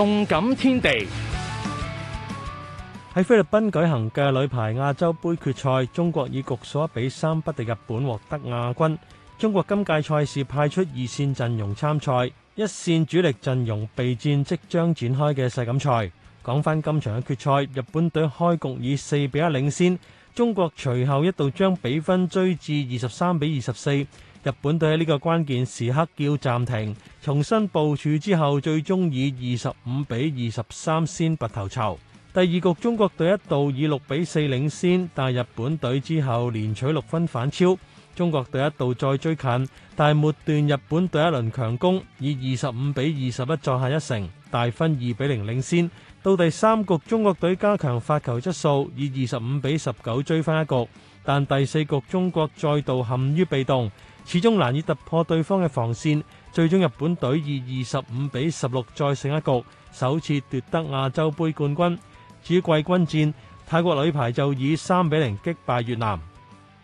動感天地喺菲律賓舉行嘅女排亞洲盃決賽，中國以局數一比三不敵日本，獲得亞軍。中國今屆賽事派出二線陣容參賽，一線主力陣容備戰即將展開嘅世錦賽。講翻今場嘅決賽，日本隊開局以四比一領先，中國隨後一度將比分追至二十三比二十四。日本隊喺呢個關鍵時刻叫暫停，重新部署之後，最終以二十五比二十三先拔頭籌。第二局中國隊一度以六比四領先，但日本隊之後連取六分反超。中國隊一度再追近，但係末段日本隊一輪強攻以二十五比二十一再下一城，大分二比零領先。到第三局中國隊加強發球質素，以二十五比十九追翻一局，但第四局中國再度陷於被動，始終難以突破對方嘅防線。最終日本隊以二十五比十六再勝一局，首次奪得亞洲盃冠軍。至於季軍戰，泰國女排就以三比零擊敗越南。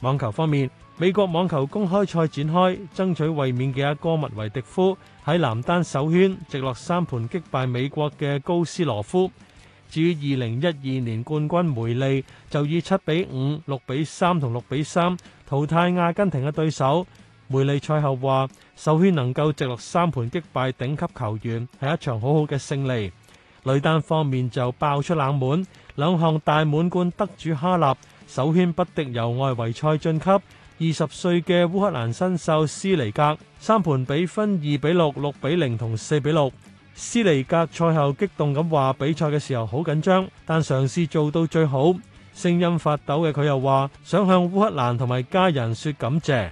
網球方面，美國網球公開賽展開，爭取衛冕嘅一哥麥維迪夫喺男單首圈直落三盤擊敗美國嘅高斯羅夫。至於二零一二年冠軍梅利就以七比五、六比三同六比三淘汰阿根廷嘅對手。梅利賽後話：首圈能夠直落三盤擊敗頂級球員，係一場好好嘅勝利。女單方面就爆出冷門，兩項大滿貫得主哈納首圈不敵由外圍賽晉級二十歲嘅烏克蘭新秀斯尼格，三盤比分二比六、六比零同四比六。斯尼格賽後激動咁話比賽嘅時候好緊張，但嘗試做到最好。聲音發抖嘅佢又話想向烏克蘭同埋家人說感謝。